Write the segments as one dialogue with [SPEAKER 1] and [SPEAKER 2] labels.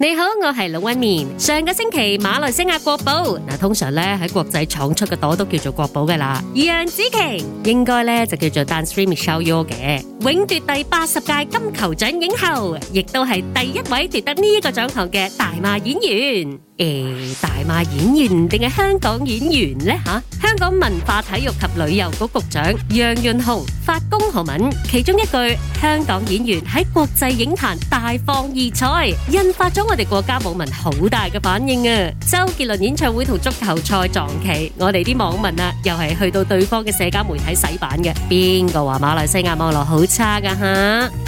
[SPEAKER 1] 你好，我係龍紋敏。上個星期馬來西亞國寶，通常咧喺國際闖出個朵都叫做國寶噶啦。而楊紫瓊應該咧就叫做 Dance with Michelle Yeoh 嘅，永奪第八十屆金球獎影后，亦都係第一位奪得呢個獎項嘅大馬演員。誒，大馬演員定係香港演員呢？香港文化體育及旅遊局局，局長楊潤雄。發恭賀文，其中一句香港演員喺國際影壇大放異彩，引發咗我哋國家網民好大嘅反應啊！周杰倫演唱會同足球賽撞期，我哋啲網民啊，又係去到對方嘅社交媒體洗版嘅。邊個話馬來西亞網絡好差噶吓？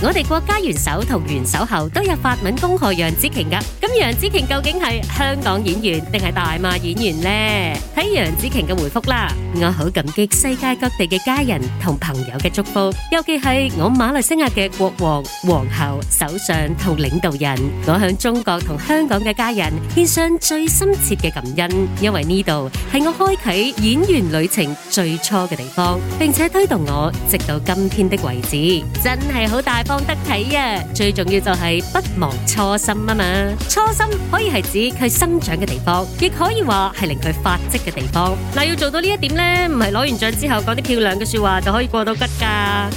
[SPEAKER 1] 我哋國家元首同元首後都有發文恭賀楊紫瓊噶，咁楊紫瓊究竟係香港演員定係大馬演員呢？睇楊紫瓊嘅回覆啦，我好感激世界各地嘅家人同朋友。祝福，尤其係我馬來西亞嘅國王、皇后、首相同領導人。我向中國同香港嘅家人獻上最深切嘅感恩，因為呢度係我開啟演員旅程最初嘅地方，並且推動我直到今天的位置。真係好大方得體啊！最重要就係不忘初心啊嘛！初心可以係指佢生長嘅地方，亦可以話係令佢發跡嘅地方。嗱，要做到呢一點呢，唔係攞完獎之後講啲漂亮嘅說話就可以過到吉。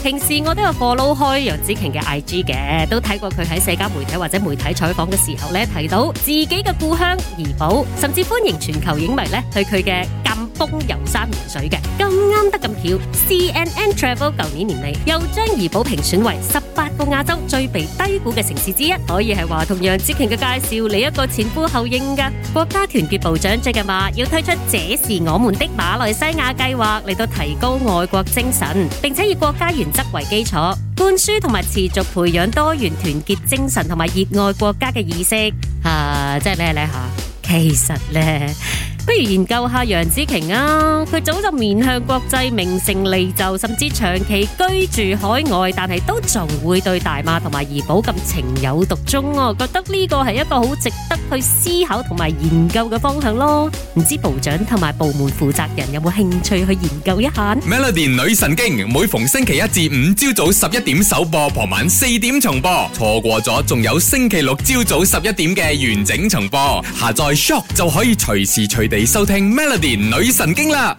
[SPEAKER 1] 平時我都有 follow 開楊紫瓊嘅 IG 嘅，都睇過佢喺社交媒體或者媒體採訪嘅時候咧，提到自己嘅故鄉怡寶，甚至歡迎全球影迷咧去佢嘅咁。遊山玩水嘅，咁啱得咁巧，巧，CNN Travel 舊年年尾又將怡保評選為十八個亞洲最被低估嘅城市之一，可以係話同楊紫瓊嘅介紹嚟一個前呼後應噶。國家團結部長最近話要推出這是我們的馬來西亞計劃嚟到提高愛國精神，並且以國家原則為基礎，灌輸同埋持續培養多元團結精神同埋熱愛國家嘅意識。吓、啊，即係咩咧吓？其實咧。不如研究下楊紫瓊啊！佢早就面向國際名成利就，甚至長期居住海外，但係都仲會對大馬同埋怡保咁情有獨鍾哦。覺得呢個係一個好值得去思考同埋研究嘅方向咯。唔知部長同埋部門負責人有冇興趣去研究一下？Melody 女神經每逢星期一至五朝早十一點首播，傍晚四點重播。錯過咗仲有星期六朝早十一點嘅完整重播。下載 Shock 就可以隨時隨地。你收聽 Melody 女神經啦。